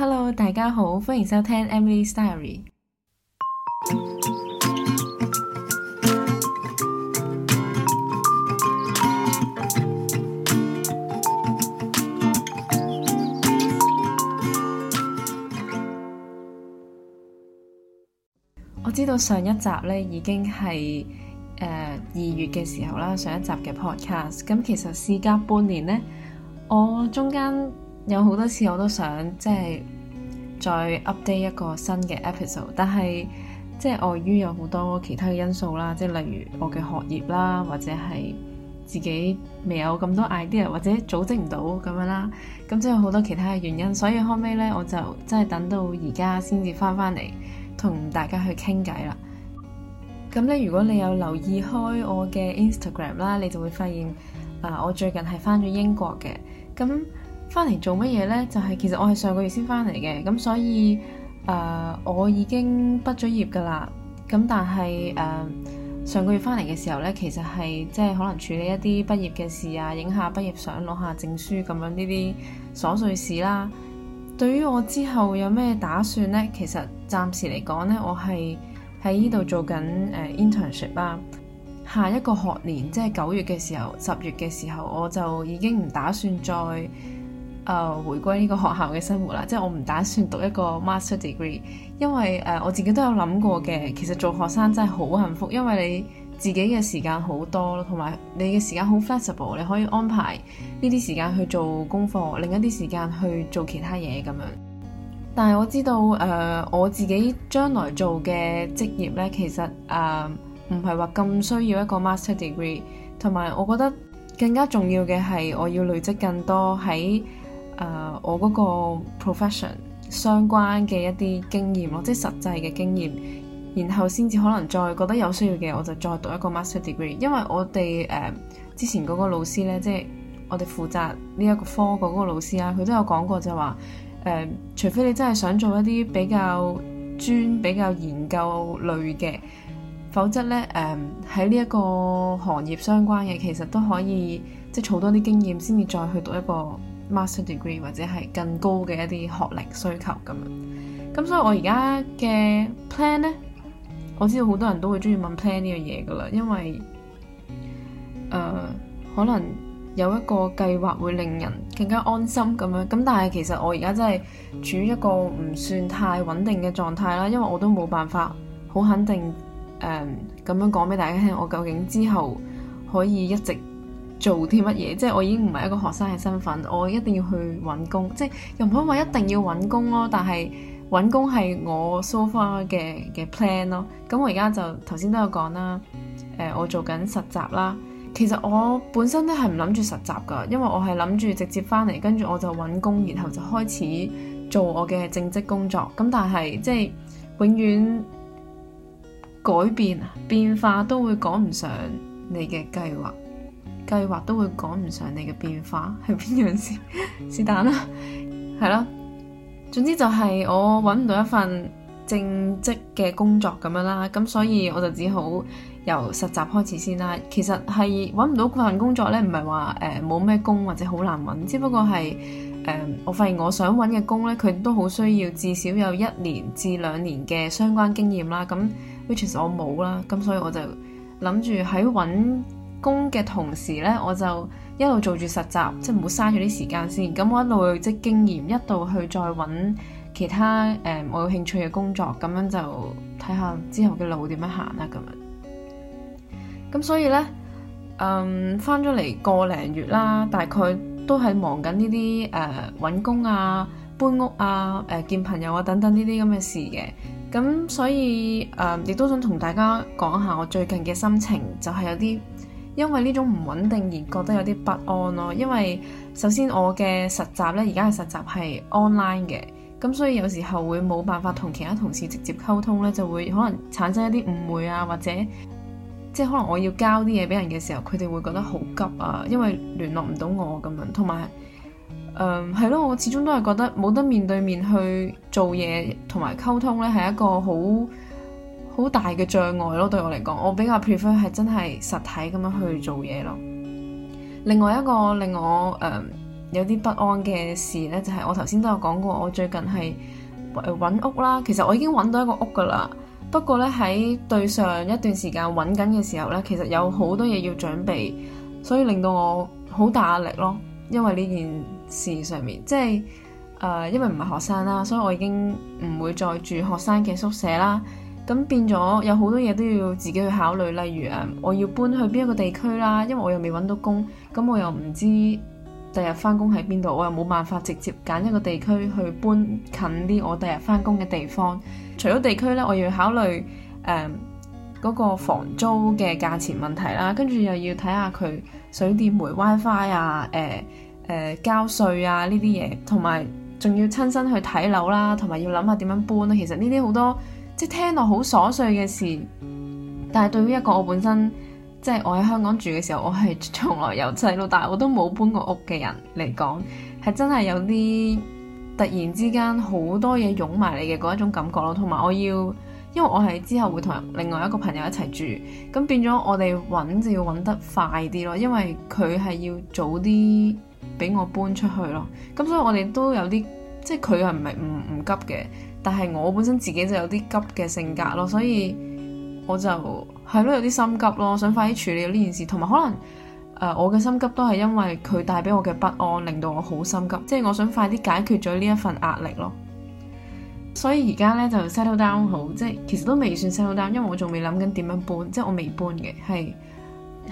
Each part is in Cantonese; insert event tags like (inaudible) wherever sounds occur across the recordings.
Hello，大家好，歡迎收聽 Emily Story。我知道上一集呢已經係誒二月嘅時候啦，上一集嘅 Podcast。咁其實事隔半年呢，我中間，有好多次我都想即係再 update 一個新嘅 episode，但係即係礙於有好多其他嘅因素啦，即係例如我嘅學業啦，或者係自己未有咁多 idea，或者組織唔到咁樣啦，咁即係好多其他嘅原因，所以後尾呢，我就真係等到而家先至翻翻嚟同大家去傾偈啦。咁呢，如果你有留意開我嘅 Instagram 啦，你就會發現啊、呃，我最近係翻咗英國嘅，咁。翻嚟做乜嘢呢？就係、是、其實我係上個月先翻嚟嘅，咁所以誒、呃、我已經畢咗業噶啦。咁但係誒、呃、上個月翻嚟嘅時候呢，其實係即係可能處理一啲畢業嘅事啊，影下畢業相、攞下證書咁樣呢啲瑣碎事啦。對於我之後有咩打算呢？其實暫時嚟講呢，我係喺呢度做緊誒 internship 啦。下一個學年即係九月嘅時候、十月嘅時候，我就已經唔打算再，誒、uh, 回歸呢個學校嘅生活啦，即係我唔打算讀一個 master degree，因為誒、uh, 我自己都有諗過嘅。其實做學生真係好幸福，因為你自己嘅時間好多咯，同埋你嘅時間好 flexible，你可以安排呢啲時間去做功課，另一啲時間去做其他嘢咁樣。但係我知道誒、uh, 我自己將來做嘅職業呢，其實誒唔係話咁需要一個 master degree，同埋我覺得更加重要嘅係我要累積更多喺。誒，uh, 我嗰個 profession 相關嘅一啲經驗咯，即係實際嘅經驗，然後先至可能再覺得有需要嘅，我就再讀一個 master degree。因為我哋誒、uh, 之前嗰個老師呢，即係我哋負責呢一個科嗰個老師啊，佢都有講過就話誒，uh, 除非你真係想做一啲比較專、比較研究類嘅，否則呢誒喺呢一個行業相關嘅，其實都可以即係儲多啲經驗先至再去讀一個。Master degree 或者係更高嘅一啲學歷需求咁樣，咁所以我而家嘅 plan 呢，我知道好多人都會中意問 plan 呢樣嘢噶啦，因為誒、呃、可能有一個計劃會令人更加安心咁樣，咁但係其實我而家真係處於一個唔算太穩定嘅狀態啦，因為我都冇辦法好肯定誒咁、呃、樣講俾大家聽，我究竟之後可以一直做啲乜嘢？即係我已經唔係一個學生嘅身份，我一定要去揾工。即係又唔可以話一定要揾工咯，但係揾工係我 so far 嘅嘅 plan 咯。咁我而家就頭先都有講啦。誒，我，呃、我做緊實習啦。其實我本身都係唔諗住實習㗎，因為我係諗住直接返嚟，跟住我就揾工，然後就開始做我嘅正職工作。咁、嗯、但係即係永遠改變啊，變化都會趕唔上你嘅計劃。計劃都會趕唔上你嘅變化，係邊樣事？是但啦，係 (laughs) 咯。總之就係我揾唔到一份正職嘅工作咁樣啦，咁所以我就只好由實習開始先啦。其實係揾唔到嗰份工作呢，唔係話誒冇咩工或者好難揾，只不過係誒、呃、我發現我想揾嘅工呢，佢都好需要至少有一年至兩年嘅相關經驗啦。咁 which is 我冇啦，咁所以我就諗住喺揾。工嘅同時呢，我就一路做住實習，即係唔好嘥咗啲時間先。咁我一路去積經驗，一路去再揾其他誒、呃、我有興趣嘅工作，咁樣就睇下之後嘅路點、啊、樣行啦。咁樣咁所以呢，嗯，返咗嚟個零月啦，大概都係忙緊呢啲誒揾工啊、搬屋啊、誒、呃、見朋友啊等等呢啲咁嘅事嘅。咁所以誒亦、嗯、都想同大家講下我最近嘅心情，就係、是、有啲。因為呢種唔穩定而覺得有啲不安咯啊。因為首先我嘅實習呢，而家嘅實習係 online 嘅，咁所以有時候會冇辦法同其他同事直接溝通呢，就會可能產生一啲誤會啊，或者即係可能我要交啲嘢俾人嘅時候，佢哋會覺得好急啊，因為聯絡唔到我咁樣。同埋誒係咯，我始終都係覺得冇得面對面去做嘢同埋溝通呢係一個好。好大嘅障礙咯，對我嚟講，我比較 prefer 係真係實體咁樣去做嘢咯。另外一個令我誒有啲不安嘅事呢，就係我頭先都有講過，我最近係揾屋啦。其實我已經揾到一個屋噶啦，不過呢，喺對上一段時間揾緊嘅時候呢，其實有好多嘢要準備，所以令到我好大壓力咯。因為呢件事上面，即係誒，因為唔係學生啦，所以我已經唔會再住學生嘅宿舍啦。咁變咗有好多嘢都要自己去考慮，例如誒，我要搬去邊一個地區啦，因為我又未揾到工，咁我又唔知第日返工喺邊度，我又冇辦法直接揀一個地區去搬近啲我第日返工嘅地方。除咗地區呢，我要考慮誒嗰個房租嘅價錢問題啦，跟住又要睇下佢水電煤 WiFi 啊，誒、啊、誒交稅啊呢啲嘢，同埋仲要親身去睇樓啦，同埋要諗下點樣搬。其實呢啲好多。即係聽落好瑣碎嘅事，但係對於一個我本身即係我喺香港住嘅時候，我係從來由細到大我都冇搬過屋嘅人嚟講，係真係有啲突然之間好多嘢湧埋嚟嘅嗰一種感覺咯。同埋我要，因為我係之後會同另外一個朋友一齊住，咁變咗我哋揾就要揾得快啲咯，因為佢係要早啲俾我搬出去咯。咁所以我哋都有啲即係佢係唔係唔唔急嘅。但係我本身自己就有啲急嘅性格咯，所以我就係咯，有啲心急咯，想快啲處理呢件事。同埋可能誒、呃，我嘅心急都係因為佢帶俾我嘅不安，令到我好心急，即係我想快啲解決咗呢一份壓力咯。所以而家呢，就 settle down 好，即係其實都未算 settle down，因為我仲未諗緊點樣搬，即係我未搬嘅，係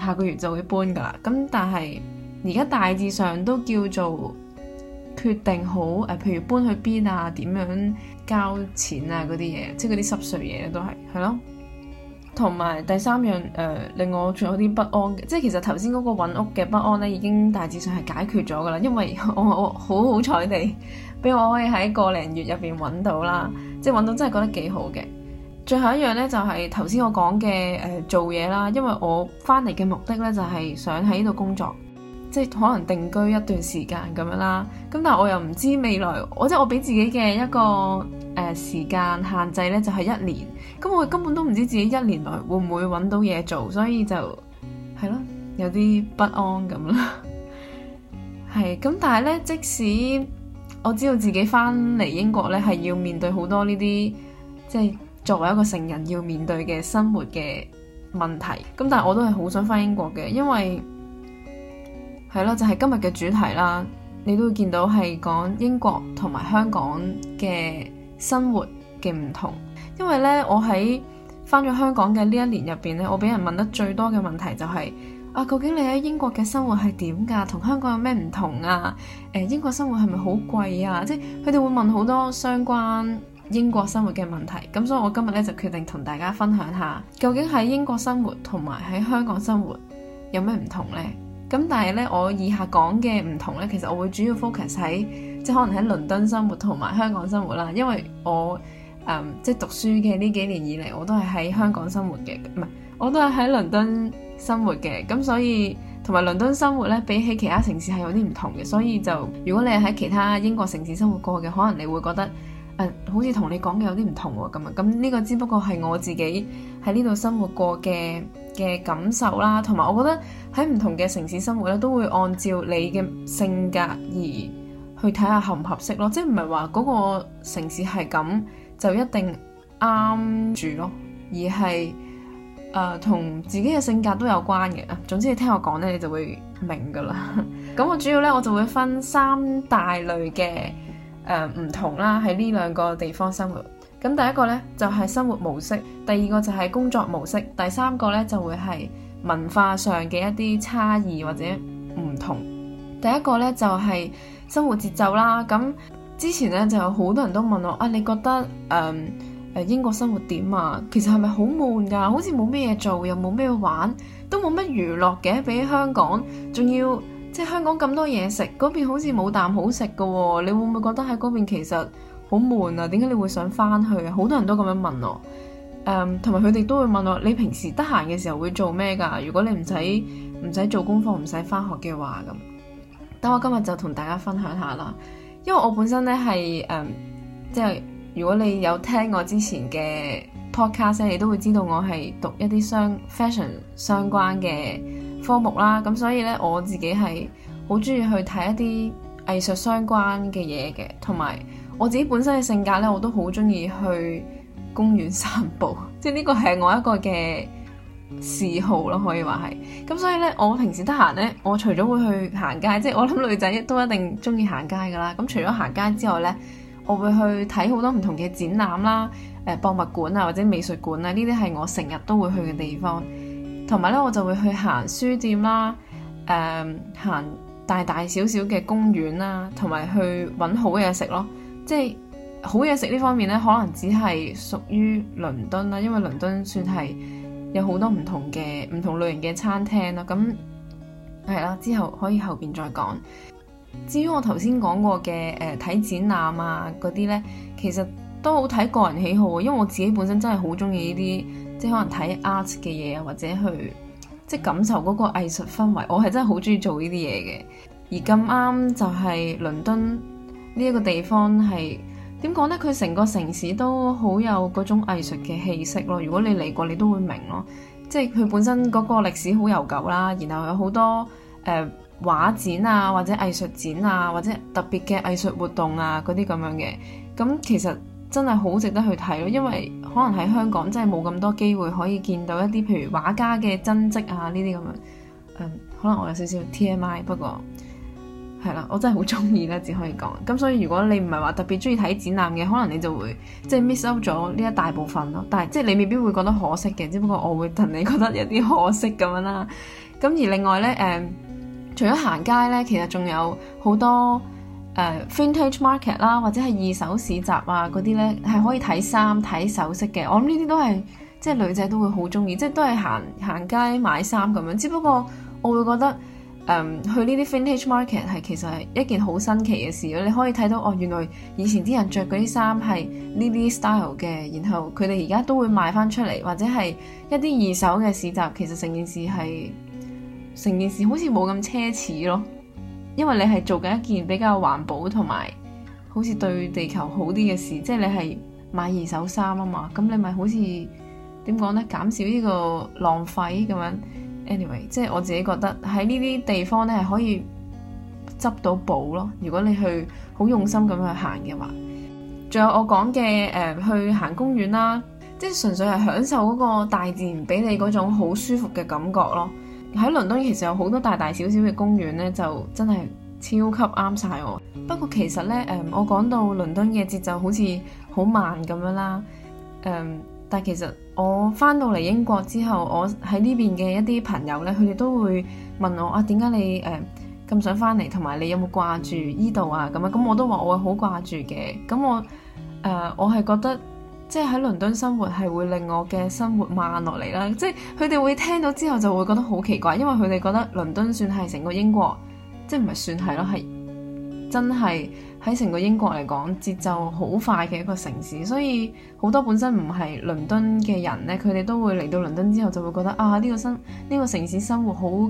下個月就會搬噶啦。咁但係而家大致上都叫做，決定好誒、呃，譬如搬去邊啊，點樣交錢啊，嗰啲嘢，即係嗰啲濕碎嘢都係，係咯。同埋第三樣誒、呃，令我仲有啲不安嘅，即係其實頭先嗰個揾屋嘅不安呢，已經大致上係解決咗噶啦，因為我好好彩地，俾我，我，我可以喺個零月入邊揾到啦，即係揾到真係覺得幾好嘅。最後一樣呢，就係頭先我講嘅誒做嘢啦，因為我翻嚟嘅目的呢，就係、是、想喺呢度工作。即係可能定居一段時間咁樣啦，咁但係我又唔知未來，我即係我俾自己嘅一個誒、呃、時間限制咧，就係、是、一年。咁我根本都唔知自己一年內會唔會揾到嘢做，所以就係咯，有啲不安咁啦。係， (laughs) 咁但係咧，即使我知道自己翻嚟英國咧，係要面對好多呢啲，即係作為一個成人要面對嘅生活嘅問題。咁但係我都係好想翻英國嘅，因為。係囉，就係今日嘅主題啦。你都會見到係講英國同埋香港嘅生活嘅唔同，因為呢，我喺翻咗香港嘅呢一年入邊呢，我俾人問得最多嘅問題就係啊，究竟你喺英國嘅生活係點㗎？同香港有咩唔同啊？誒，英國生活係咪好貴啊？即係佢哋會問好多相關英國生活嘅問題。咁所以，我今日呢，就決定同大家分享下，究竟喺英國生活同埋喺香港生活有咩唔同呢？」咁但係咧，我以下講嘅唔同咧，其實我會主要 focus 喺即係可能喺倫敦生活同埋香港生活啦，因為我誒、嗯、即係讀書嘅呢幾年以嚟，我都係喺香港生活嘅，唔係我都係喺倫敦生活嘅，咁所以同埋倫敦生活咧，比起其他城市係有啲唔同嘅，所以就如果你喺其他英國城市生活過嘅，可能你會覺得。呃、好似同你講嘅有啲唔同喎，咁啊，咁呢個只不過係我自己喺呢度生活過嘅嘅感受啦、啊，同埋我覺得喺唔同嘅城市生活咧、啊，都會按照你嘅性格而去睇下合唔合適咯、啊，即係唔係話嗰個城市係咁就一定啱住咯，而係誒同自己嘅性格都有關嘅。總之你聽我講咧，你就會明㗎啦。咁 (laughs) 我主要咧，我就會分三大類嘅。誒唔同啦，喺呢兩個地方生活。咁第一個呢，就係生活模式，第二個就係工作模式，第三個呢，就會係文化上嘅一啲差異或者唔同。第一個呢，就係生活節奏啦。咁之前呢，就有好多人都問我啊，你覺得誒誒英國生活點啊？其實係咪好悶㗎？好似冇咩嘢做，又冇咩玩，都冇乜娛樂嘅，比起香港仲要。即係香港咁多嘢食，嗰邊好似冇啖好食嘅喎，你會唔會覺得喺嗰邊其實好悶啊？點解你會想返去啊？好多人都咁樣問我，誒、嗯，同埋佢哋都會問我，你平時得閒嘅時候會做咩㗎？如果你唔使唔使做功課，唔使返學嘅話咁，等我今日就同大家分享下啦，因為我本身呢係誒，即係、嗯就是、如果你有聽我之前嘅 podcast，你都會知道我係讀一啲相 fashion 相關嘅。科目啦，咁所以呢，我自己係好中意去睇一啲藝術相關嘅嘢嘅，同埋我自己本身嘅性格呢，我都好中意去公園散步，即係呢個係我一個嘅嗜好咯，可以話係。咁所以呢，我平時得閒呢，我除咗會去行街，即係我諗女仔都一定中意行街噶啦。咁除咗行街之外呢，我會去睇好多唔同嘅展覽啦，誒博物館啊或者美術館啊，呢啲係我成日都會去嘅地方。同埋咧，我就會去行書店啦，誒、嗯，行大大小小嘅公園啦，同埋去揾好嘢食咯。即係好嘢食呢方面呢，可能只係屬於倫敦啦，因為倫敦算係有好多唔同嘅唔同類型嘅餐廳啦。咁係啦，之後可以後邊再講。至於我頭先講過嘅誒睇展覽啊嗰啲呢，其實都好睇個人喜好啊，因為我自己本身真係好鍾意呢啲。即係可能睇 art 嘅嘢啊，或者去即係感受嗰個藝術氛圍，我係真係好中意做呢啲嘢嘅。而咁啱就係倫敦呢一個地方係點講咧？佢成個城市都好有嗰種藝術嘅氣息咯。如果你嚟過，你都會明咯。即係佢本身嗰個歷史好悠久啦，然後有好多誒、呃、畫展啊，或者藝術展啊，或者特別嘅藝術活動啊嗰啲咁樣嘅。咁、嗯、其實真係好值得去睇咯，因為。可能喺香港真係冇咁多機會可以見到一啲譬如畫家嘅真跡啊呢啲咁樣，嗯，可能我有少少 TMI，不過係啦，我真係好中意咧，只可以講。咁所以如果你唔係話特別中意睇展覽嘅，可能你就會即係 miss 咗呢一大部分咯。但係即係你未必會覺得可惜嘅，只不過我會戥你覺得有啲可惜咁樣啦。咁而另外呢，誒、嗯，除咗行街呢，其實仲有好多。誒，uh, vintage market 啦、啊，或者係二手市集啊嗰啲呢，係可以睇衫、睇首飾嘅。我諗呢啲都係即係女仔都會好中意，即係都係行行街買衫咁樣。只不過我會覺得、嗯、去呢啲 vintage market 係其實係一件好新奇嘅事咯。你可以睇到哦，原來以前啲人着嗰啲衫係呢啲 style 嘅，然後佢哋而家都會賣翻出嚟，或者係一啲二手嘅市集。其實成件事係成件事好似冇咁奢侈咯。因為你係做緊一件比較環保同埋好似對地球好啲嘅事，即係你係買二手衫啊嘛，咁你咪好似點講呢？減少呢個浪費咁樣。Anyway，即係我自己覺得喺呢啲地方呢係可以執到寶咯，如果你去好用心咁去行嘅話。仲有我講嘅誒，去行公園啦，即係純粹係享受嗰個大自然俾你嗰種好舒服嘅感覺咯。喺倫敦其實有好多大大小小嘅公園咧，就真係超級啱晒我。不過其實咧，誒、嗯、我講到倫敦嘅節奏好似好慢咁樣啦，誒、嗯，但其實我翻到嚟英國之後，我喺呢邊嘅一啲朋友咧，佢哋都會問我啊，點解你誒咁、嗯、想翻嚟，同埋你有冇掛住依度啊？咁啊，咁我都話我會好掛住嘅。咁我誒、呃、我係覺得。即係喺倫敦生活係會令我嘅生活慢落嚟啦，即係佢哋會聽到之後就會覺得好奇怪，因為佢哋覺得倫敦算係成個英國，即係唔係算係咯，係真係喺成個英國嚟講節奏好快嘅一個城市，所以好多本身唔係倫敦嘅人呢，佢哋都會嚟到倫敦之後就會覺得啊呢個生呢個城市生活好誒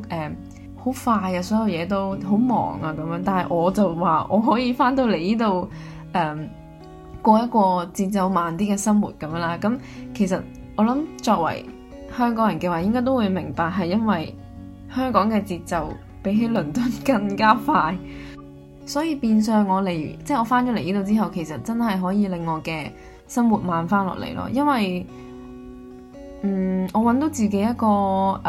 好快嘅，所有嘢都好忙啊咁樣，但係我就話我可以翻到嚟呢度誒，呃過一個節奏慢啲嘅生活咁啦，咁其實我諗作為香港人嘅話，應該都會明白係因為香港嘅節奏比起倫敦更加快， (laughs) 所以變相我嚟，即係我翻咗嚟呢度之後，其實真係可以令我嘅生活慢翻落嚟咯，因為嗯我揾到自己一個誒好、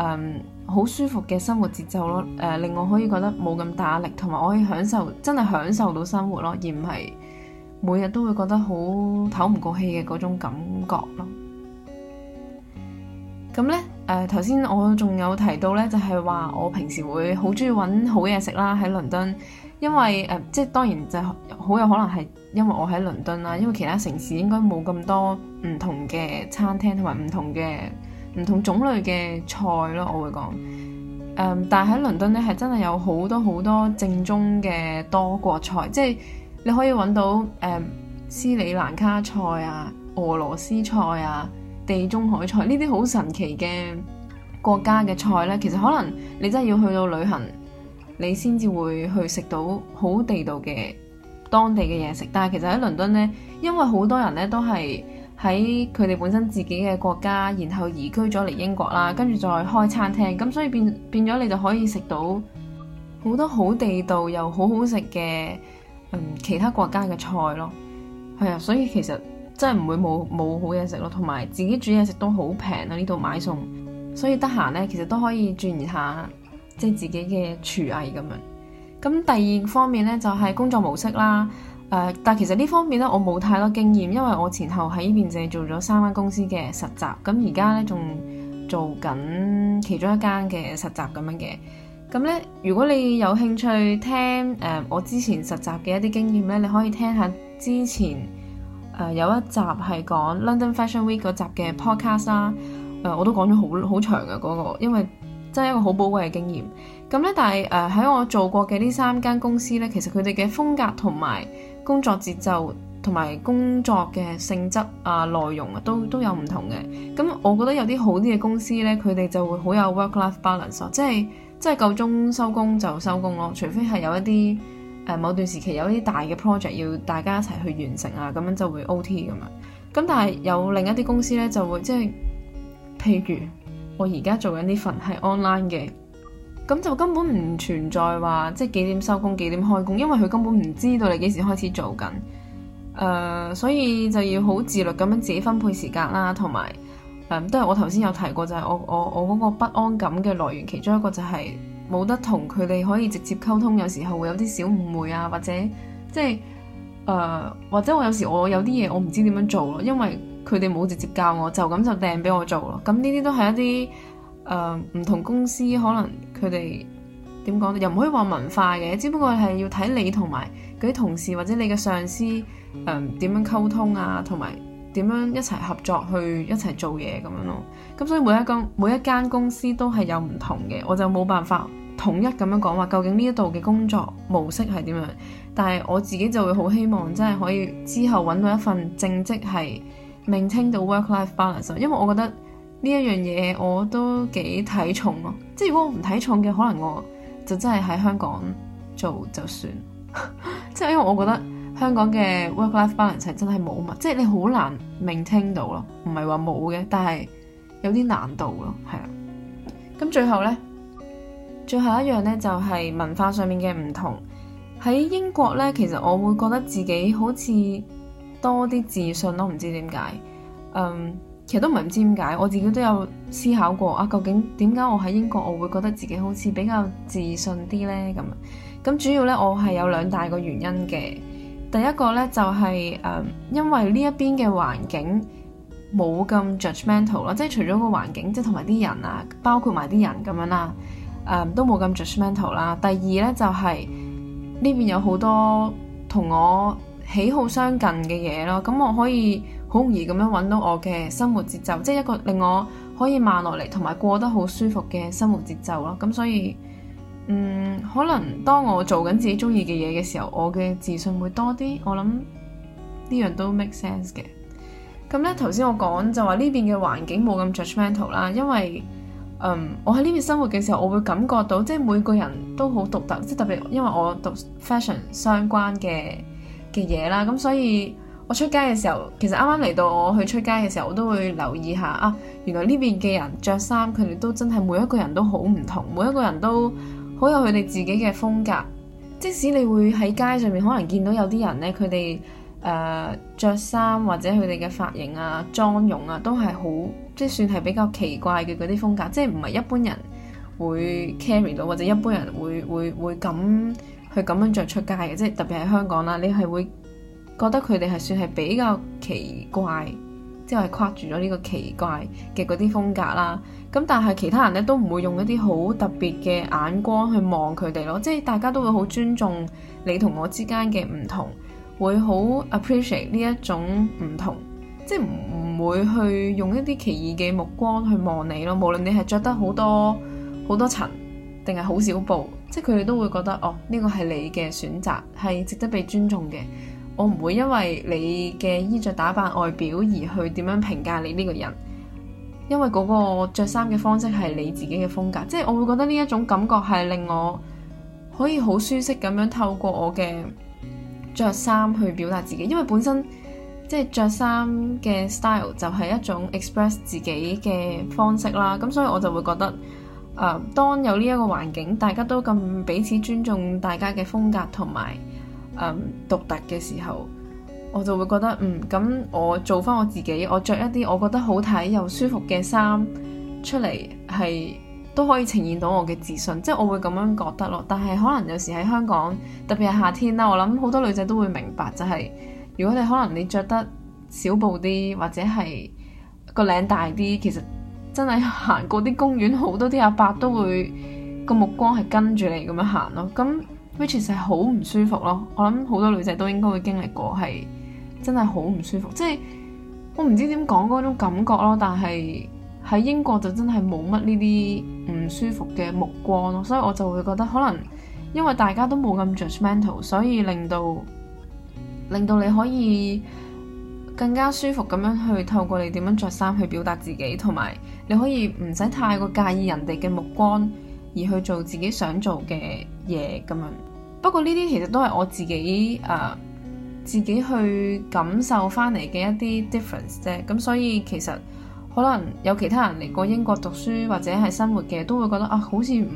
嗯、舒服嘅生活節奏咯，誒、呃、令我可以覺得冇咁大壓力，同埋我可以享受真係享受到生活咯，而唔係。每日都會覺得好透唔過氣嘅嗰種感覺咯。咁呢，誒頭先我仲有提到呢，就係話我平時會好中意揾好嘢食啦喺倫敦，因為誒、呃、即係當然就好有可能係因為我喺倫敦啦，因為其他城市應該冇咁多唔同嘅餐廳同埋唔同嘅唔同種類嘅菜咯。我會講、呃，但喺倫敦呢，係真係有好多好多正宗嘅多國菜，即係。你可以揾到誒、嗯、斯里蘭卡菜啊、俄羅斯菜啊、地中海菜呢啲好神奇嘅國家嘅菜呢。其實可能你真係要去到旅行，你先至會去食到好地道嘅當地嘅嘢食。但係其實喺倫敦呢，因為好多人呢都係喺佢哋本身自己嘅國家，然後移居咗嚟英國啦，跟住再開餐廳，咁所以變變咗你就可以食到好多好地道又好好食嘅。嗯，其他國家嘅菜咯，係啊，所以其實真係唔會冇冇好嘢食咯，同埋自己煮嘢食都好平啊！呢度買餸，所以得閒呢，其實都可以轉移下即係自己嘅廚藝咁樣。咁第二方面呢，就係工作模式啦，誒、呃，但其實呢方面呢，我冇太多經驗，因為我前後喺呢邊淨係做咗三間公司嘅實習，咁而家呢，仲做緊其中一間嘅實習咁樣嘅。咁咧，如果你有興趣聽誒、呃、我之前實習嘅一啲經驗咧，你可以聽下之前誒、呃、有一集係講 London Fashion Week 嗰集嘅 podcast 啦、啊呃。我都講咗好好長嘅、啊、嗰、那個，因為真係一個好寶貴嘅經驗。咁咧，但係誒喺我做過嘅呢三間公司咧，其實佢哋嘅風格同埋工作節奏同埋工作嘅性質啊內容啊都都有唔同嘅。咁我覺得有啲好啲嘅公司咧，佢哋就會好有 work-life balance、啊、即係。即係夠鐘收工就收工咯，除非係有一啲誒、呃、某段時期有一啲大嘅 project 要大家一齊去完成啊，咁樣就會 OT 咁啊。咁但係有另一啲公司呢，就會即係，譬如我而家做緊呢份係 online 嘅，咁就根本唔存在話即係幾點收工，幾點開工，因為佢根本唔知道你幾時開始做緊。誒、呃，所以就要好自律咁樣自己分配時間啦，同埋。嗯，都係我頭先有提過，就係我我我嗰個不安感嘅來源，其中一個就係冇得同佢哋可以直接溝通，有時候會有啲小誤會啊，或者即係誒，或者我有時我有啲嘢我唔知點樣做咯，因為佢哋冇直接教我，就咁就掟俾我做咯。咁呢啲都係一啲誒唔同公司可能佢哋點講咧，又唔可以話文化嘅，只不過係要睇你同埋嗰啲同事或者你嘅上司誒點樣溝通啊，同埋，點樣一齊合作去一齊做嘢咁樣咯。咁所以每一間每一間公司都係有唔同嘅，我就冇辦法統一咁樣講話究竟呢一度嘅工作模式係點樣，但係我自己就會好希望真係可以之後揾到一份正職係 maintain 到 work life balance，因為我覺得呢一樣嘢我都幾睇重咯。即係如果我唔睇重嘅，可能我就真係喺香港做就算。即 (laughs) 係因為我覺得。香港嘅 work-life balance 真係冇嘛，即係你好難 maintain 到咯，唔係話冇嘅，但係有啲難度咯，係啊。咁最後咧，最後一樣咧就係文化上面嘅唔同，喺英國咧。其實我會覺得自己好似多啲自信咯，唔知點解。嗯，其實都唔係唔知點解，我自己都有思考過啊。究竟點解我喺英國我會覺得自己好似比較自信啲咧？咁咁主要咧，我係有兩大個原因嘅。第一個咧就係、是、誒、呃，因為呢一邊嘅環境冇咁 judgmental 啦，即係除咗個環境，即係同埋啲人啊，包括埋啲人咁樣啦，誒、呃、都冇咁 judgmental 啦。第二咧就係、是、呢邊有好多同我喜好相近嘅嘢咯，咁我可以好容易咁樣揾到我嘅生活節奏，即係一個令我可以慢落嚟，同埋過得好舒服嘅生活節奏咯。咁所以。嗯，可能當我做緊自己中意嘅嘢嘅時候，我嘅自信會多啲。我諗呢樣都 make sense 嘅。咁呢頭先我講就話呢邊嘅環境冇咁 judgmental 啦，因為、嗯、我喺呢邊生活嘅時候，我會感覺到即係每個人都好獨特，即係特別因為我讀 fashion 相關嘅嘅嘢啦。咁所以我出街嘅時候，其實啱啱嚟到我去出街嘅時候，我都會留意下啊，原來呢邊嘅人着衫，佢哋都真係每一個人都好唔同，每一個人都，好有佢哋自己嘅風格，即使你會喺街上面可能見到有啲人呢，佢哋誒著衫或者佢哋嘅髮型啊、妝容啊，都係好即係算係比較奇怪嘅嗰啲風格，即係唔係一般人會 carry 到，或者一般人會會會敢去咁樣着出街嘅，即係特別喺香港啦，你係會覺得佢哋係算係比較奇怪。即係跨住咗呢個奇怪嘅嗰啲風格啦，咁但係其他人咧都唔會用一啲好特別嘅眼光去望佢哋咯，即係大家都會好尊重你同我之間嘅唔同，會好 appreciate 呢一種唔同，即係唔會去用一啲歧異嘅目光去望你咯，無論你係着得好多好多層定係好少布，即係佢哋都會覺得哦，呢個係你嘅選擇，係值得被尊重嘅。我唔會因為你嘅衣着打扮外表而去點樣評價你呢個人，因為嗰個著衫嘅方式係你自己嘅風格，即係我會覺得呢一種感覺係令我可以好舒適咁樣透過我嘅着衫去表達自己，因為本身即係着衫嘅 style 就係一種 express 自己嘅方式啦。咁所以我就會覺得、呃，誒，當有呢一個環境，大家都咁彼此尊重，大家嘅風格同埋，嗯，獨特嘅時候，我就會覺得嗯，咁我做返我自己，我着一啲我覺得好睇又舒服嘅衫出嚟，係都可以呈現到我嘅自信，即係我會咁樣覺得咯。但係可能有時喺香港，特別係夏天啦，我諗好多女仔都會明白，就是，就係如果你可能你着得少布啲，或者係個領大啲，其實真係行過啲公園，好多啲阿伯都會個目光係跟住你咁樣行咯。咁 which 就係好唔舒服咯。我諗好多女仔都應該會經歷過，係真係好唔舒服。即係我唔知點講嗰種感覺咯。但係喺英國就真係冇乜呢啲唔舒服嘅目光咯，所以我就會覺得可能因為大家都冇咁 judgmental，所以令到令到你可以更加舒服咁樣去透過你點樣着衫去表達自己，同埋你可以唔使太過介意人哋嘅目光而去做自己想做嘅嘢咁樣。不過呢啲其實都係我自己誒、呃、自己去感受翻嚟嘅一啲 difference 啫，咁所以其實可能有其他人嚟過英國讀書或者係生活嘅都會覺得啊，好似唔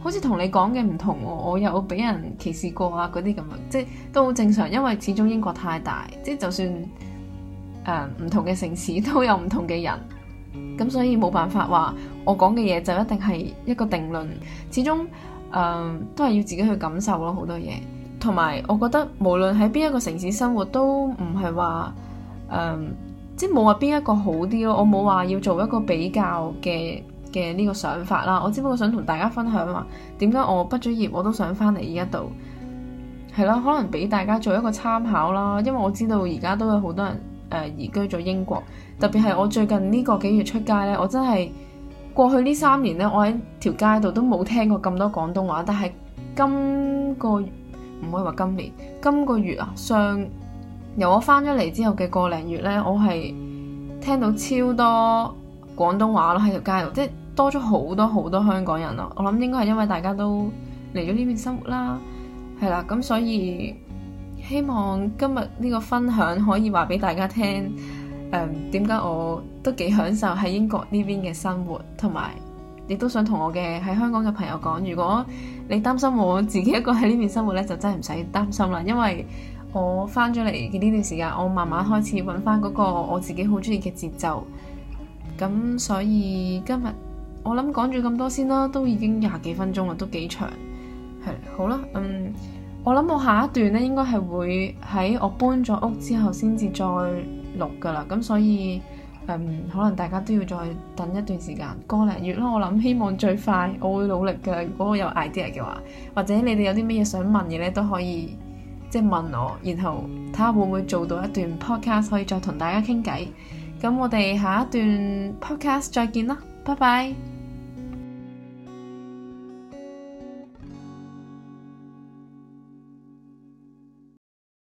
好似同你講嘅唔同喎，我有俾人歧視過啊嗰啲咁樣，即係都好正常，因為始終英國太大，即係就算誒、呃、唔同嘅城市都有唔同嘅人，咁所以冇辦法話我講嘅嘢就一定係一個定論，始終。誒，um, 都係要自己去感受咯，好多嘢。同埋，我覺得無論喺邊一個城市生活，都唔係話誒，um, 即係冇話邊一個好啲咯。我冇話要做一個比較嘅嘅呢個想法啦。我只不過想同大家分享啊，點解我畢咗業我都想翻嚟呢一度，係咯、啊，可能俾大家做一個參考啦。因為我知道而家都有好多人誒、呃、移居咗英國，特別係我最近呢個幾月出街呢，我真係～過去呢三年咧，我喺條街度都冇聽過咁多廣東話，但係今個月唔可以話今年，今個月啊，上由我翻咗嚟之後嘅個零月呢，我係聽到超多廣東話咯喺條街度，即係多咗好多好多香港人咯。我諗應該係因為大家都嚟咗呢邊生活啦，係啦，咁所以希望今日呢個分享可以話俾大家聽、嗯。誒，點解、嗯、我都幾享受喺英國呢邊嘅生活，同埋亦都想同我嘅喺香港嘅朋友講。如果你擔心我自己一個喺呢邊生活呢，就真係唔使擔心啦。因為我翻咗嚟嘅呢段時間，我慢慢開始揾翻嗰個我自己好中意嘅節奏。咁所以今日我諗講住咁多先啦，都已經廿幾分鐘啦，都幾長係好啦。嗯，我諗我下一段呢，應該係會喺我搬咗屋之後先至再。錄噶啦，咁所以，嗯，可能大家都要再等一段時間，個零月啦。我諗希望最快，我會努力嘅。如果我有 idea 嘅話，或者你哋有啲咩嘢想問嘅咧，都可以即係、就是、問我，然後睇下會唔會做到一段 podcast 可以再同大家傾偈。咁我哋下一段 podcast 再見啦，拜拜。